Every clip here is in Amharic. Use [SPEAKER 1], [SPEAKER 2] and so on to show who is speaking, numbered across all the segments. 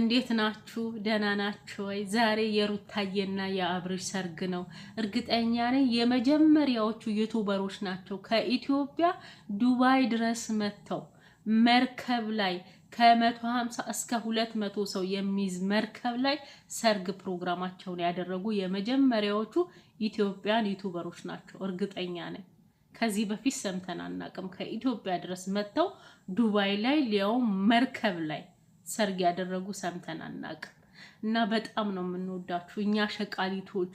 [SPEAKER 1] እንዴት ናችሁ? ደህና ናችሁ ወይ? ዛሬ የሩታዬና የአብርሽ ሰርግ ነው። እርግጠኛ ነኝ የመጀመሪያዎቹ ዩቱበሮች ናቸው ከኢትዮጵያ ዱባይ ድረስ መጥተው መርከብ ላይ ከመቶ ሀምሳ እስከ ሁለት መቶ ሰው የሚይዝ መርከብ ላይ ሰርግ ፕሮግራማቸውን ያደረጉ የመጀመሪያዎቹ ኢትዮጵያን ዩቱበሮች ናቸው። እርግጠኛ ነኝ ከዚህ በፊት ሰምተን አናውቅም። ከኢትዮጵያ ድረስ መጥተው ዱባይ ላይ ሊያውም መርከብ ላይ ሰርግ ያደረጉ ሰምተን አናቅም። እና በጣም ነው የምንወዳችሁ እኛ ሸቃሊቶች፣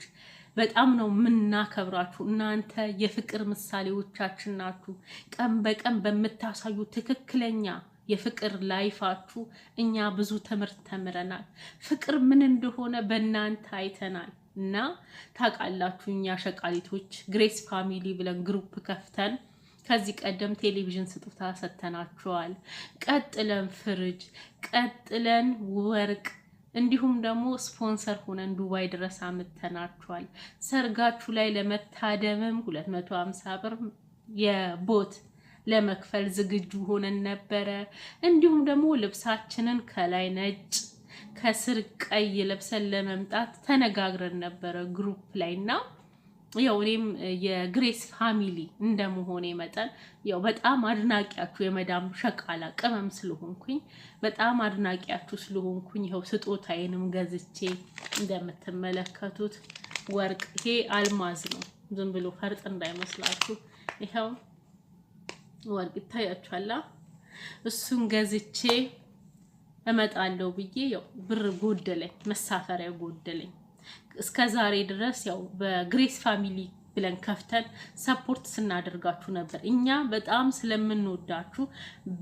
[SPEAKER 1] በጣም ነው የምናከብራችሁ። እናንተ የፍቅር ምሳሌዎቻችን ናችሁ። ቀን በቀን በምታሳዩ ትክክለኛ የፍቅር ላይፋችሁ እኛ ብዙ ትምህርት ተምረናል። ፍቅር ምን እንደሆነ በእናንተ አይተናል። እና ታውቃላችሁ እኛ ሸቃሊቶች ግሬስ ፋሚሊ ብለን ግሩፕ ከፍተን ከዚህ ቀደም ቴሌቪዥን ስጦታ ሰጥተናቸዋል። ቀጥለን ፍርጅ፣ ቀጥለን ወርቅ እንዲሁም ደግሞ ስፖንሰር ሆነን ዱባይ ድረስ አምጥተናቸዋል። ሰርጋችሁ ላይ ለመታደምም 250 ብር የቦት ለመክፈል ዝግጁ ሆነን ነበረ። እንዲሁም ደግሞ ልብሳችንን ከላይ ነጭ ከስር ቀይ ለብሰን ለመምጣት ተነጋግረን ነበረ ግሩፕ ላይ እና ያው እኔም የግሬስ ፋሚሊ እንደመሆኔ መጠን ያው በጣም አድናቂያችሁ የመዳም ሸቃላ ቅመም ስለሆንኩኝ በጣም አድናቂያችሁ ስለሆንኩኝ ይኸው ስጦታዬንም ገዝቼ እንደምትመለከቱት ወርቅ ይሄ አልማዝ ነው። ዝም ብሎ ፈርጥ እንዳይመስላችሁ። ይኸው ወርቅ ይታያችኋላ። እሱን ገዝቼ እመጣለሁ ብዬ ያው ብር ጎደለኝ፣ መሳፈሪያ ጎደለኝ እስከ ዛሬ ድረስ ያው በግሬስ ፋሚሊ ብለን ከፍተን ሰፖርት ስናደርጋችሁ ነበር። እኛ በጣም ስለምንወዳችሁ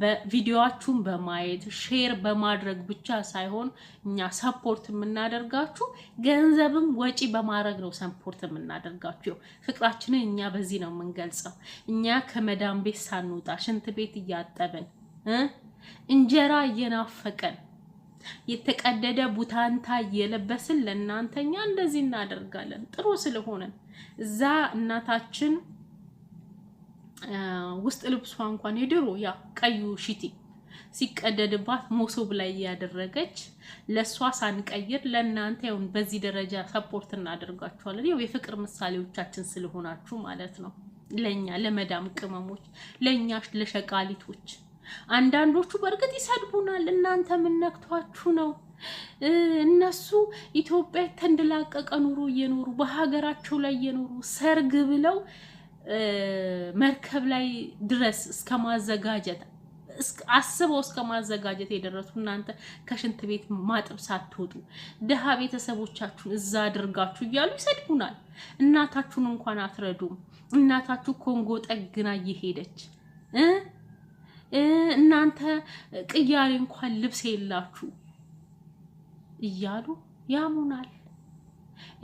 [SPEAKER 1] በቪዲዮችሁን በማየት ሼር በማድረግ ብቻ ሳይሆን እኛ ሰፖርት የምናደርጋችሁ ገንዘብም ወጪ በማድረግ ነው። ሰፖርት የምናደርጋችሁ ፍቅራችንን እኛ በዚህ ነው የምንገልጸው። እኛ ከመዳን ቤት ሳንወጣ ሽንት ቤት እያጠብን እንጀራ እየናፈቀን የተቀደደ ቡታንታ እየለበስን ለእናንተኛ እንደዚህ እናደርጋለን። ጥሩ ስለሆነ እዛ እናታችን ውስጥ ልብሷ እንኳን የድሮ ያ ቀዩ ሽቲ ሲቀደድባት ሞሶብ ላይ እያደረገች ለእሷ ሳንቀይር ለእናንተ ይሁን። በዚህ ደረጃ ሰፖርት እናደርጋችኋለን። ያው የፍቅር ምሳሌዎቻችን ስለሆናችሁ ማለት ነው። ለእኛ ለመዳም ቅመሞች፣ ለእኛ ለሸቃሊቶች አንዳንዶቹ በእርግጥ ይሰድቡናል። እናንተ ምን ነክቷችሁ ነው? እነሱ ኢትዮጵያ የተንደላቀቀ ኑሮ እየኖሩ በሀገራቸው ላይ እየኖሩ ሰርግ ብለው መርከብ ላይ ድረስ እስከ ማዘጋጀት አስበው እስከ ማዘጋጀት የደረሱ እናንተ ከሽንት ቤት ማጠብ ሳትወጡ ድሀ ቤተሰቦቻችሁን እዛ አድርጋችሁ እያሉ ይሰድቡናል። እናታችሁን እንኳን አትረዱም። እናታችሁ ኮንጎ ጠግና እየሄደች እናንተ ቅያሬ እንኳን ልብስ የላችሁ እያሉ ያሙናል።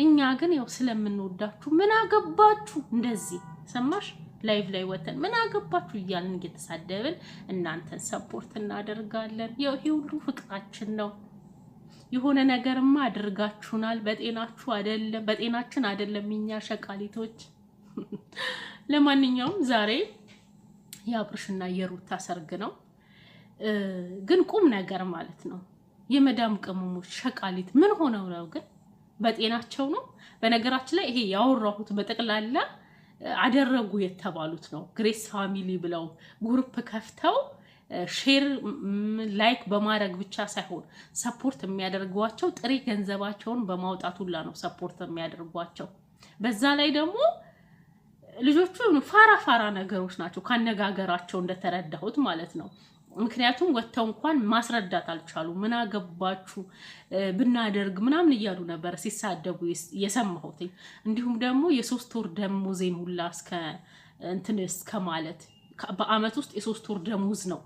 [SPEAKER 1] እኛ ግን ያው ስለምንወዳችሁ ምን አገባችሁ እንደዚህ ሰማሽ፣ ላይቭ ላይ ወተን ምን አገባችሁ እያልን እየተሳደብን እናንተን ሰፖርት እናደርጋለን። ይሄ ሁሉ ፍቅራችን ነው። የሆነ ነገርማ አድርጋችሁናል። በጤናችሁ አይደለም፣ በጤናችን አይደለም እኛ ሸቃሊቶች። ለማንኛውም ዛሬ የአብርሽና የሩታ ሰርግ ነው፣ ግን ቁም ነገር ማለት ነው። የመዳም ቅመሞች ሸቃሊት ምን ሆነው ነው ግን? በጤናቸው ነው? በነገራችን ላይ ይሄ ያወራሁት በጠቅላላ አደረጉ የተባሉት ነው። ግሬስ ፋሚሊ ብለው ግሩፕ ከፍተው ሼር ላይክ በማድረግ ብቻ ሳይሆን ሰፖርት የሚያደርጓቸው ጥሬ ገንዘባቸውን በማውጣት ሁላ ነው ሰፖርት የሚያደርጓቸው። በዛ ላይ ደግሞ ልጆቹ ፋራ ፋራ ነገሮች ናቸው ካነጋገራቸው እንደተረዳሁት ማለት ነው። ምክንያቱም ወጥተው እንኳን ማስረዳት አልቻሉ። ምን አገባችሁ ብናደርግ ምናምን እያሉ ነበር ሲሳደቡ የሰማሁትኝ። እንዲሁም ደግሞ የሶስት ወር ደሞዜን ሁላ እስከ እንትን እስከ ማለት በአመት ውስጥ የሶስት ወር ደሞዝ ነው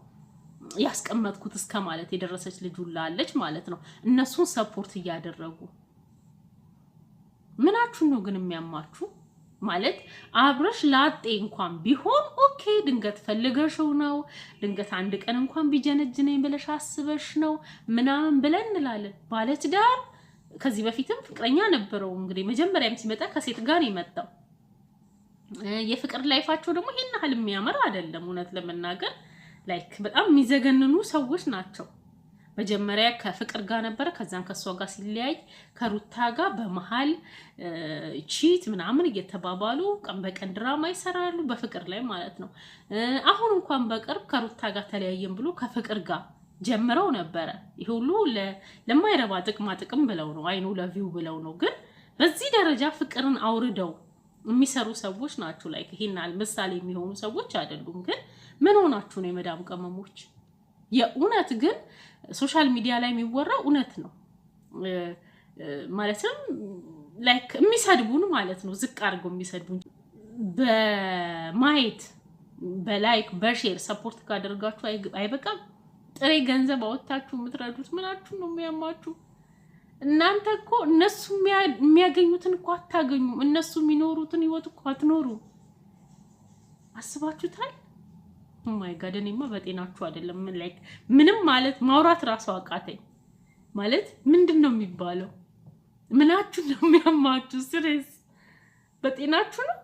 [SPEAKER 1] ያስቀመጥኩት እስከ ማለት የደረሰች ልጅ ሁላ አለች ማለት ነው። እነሱን ሰፖርት እያደረጉ ምናችሁን ነው ግን የሚያማችሁ? ማለት አብረሽ ላጤ እንኳን ቢሆን ኦኬ፣ ድንገት ፈልገሽው ነው፣ ድንገት አንድ ቀን እንኳን ቢጀነጅነኝ ብለሽ አስበሽ ነው ምናምን ብለን እንላለን። ባለትዳር ከዚህ በፊትም ፍቅረኛ ነበረው። እንግዲህ መጀመሪያም ሲመጣ ከሴት ጋር የመጣው የፍቅር ላይፋቸው ደግሞ ይህን ያህል የሚያምር አይደለም። እውነት ለመናገር ላይክ በጣም የሚዘገንኑ ሰዎች ናቸው። መጀመሪያ ከፍቅር ጋር ነበረ። ከዛም ከእሷ ጋር ሲለያይ ከሩታ ጋር በመሀል ቺት ምናምን እየተባባሉ ቀን በቀን ድራማ ይሰራሉ፣ በፍቅር ላይ ማለት ነው። አሁን እንኳን በቅርብ ከሩታ ጋር ተለያየም ብሎ ከፍቅር ጋር ጀምረው ነበረ። ይህ ሁሉ ለማይረባ ጥቅማ ጥቅም ብለው ነው፣ አይኑ ለቪው ብለው ነው። ግን በዚህ ደረጃ ፍቅርን አውርደው የሚሰሩ ሰዎች ናቸው። ላይ ይህናል ምሳሌ የሚሆኑ ሰዎች አይደሉም። ግን ምን ሆናችሁ ነው የመዳም ቅመሞች? የእውነት ግን ሶሻል ሚዲያ ላይ የሚወራው እውነት ነው ማለትም ላይክ የሚሰድቡን ማለት ነው፣ ዝቅ አድርገው የሚሰድቡን በማየት በላይክ በሼር ሰፖርት ካደርጋችሁ አይበቃም? ጥሬ ገንዘብ አወጥታችሁ የምትረዱት ምናችሁ ነው የሚያማችሁ? እናንተ እኮ እነሱ የሚያገኙትን እኮ አታገኙም። እነሱ የሚኖሩትን ህይወት እኮ አትኖሩ አስባችሁታል? ማይ oh ጋድ እኔማ በጤናችሁ አይደለም። ላይክ ምንም ማለት ማውራት ራሱ አቃተኝ። ማለት ምንድን ነው የሚባለው? ምናችሁ ነው የሚያማችሁ? ስሬስ በጤናችሁ ነው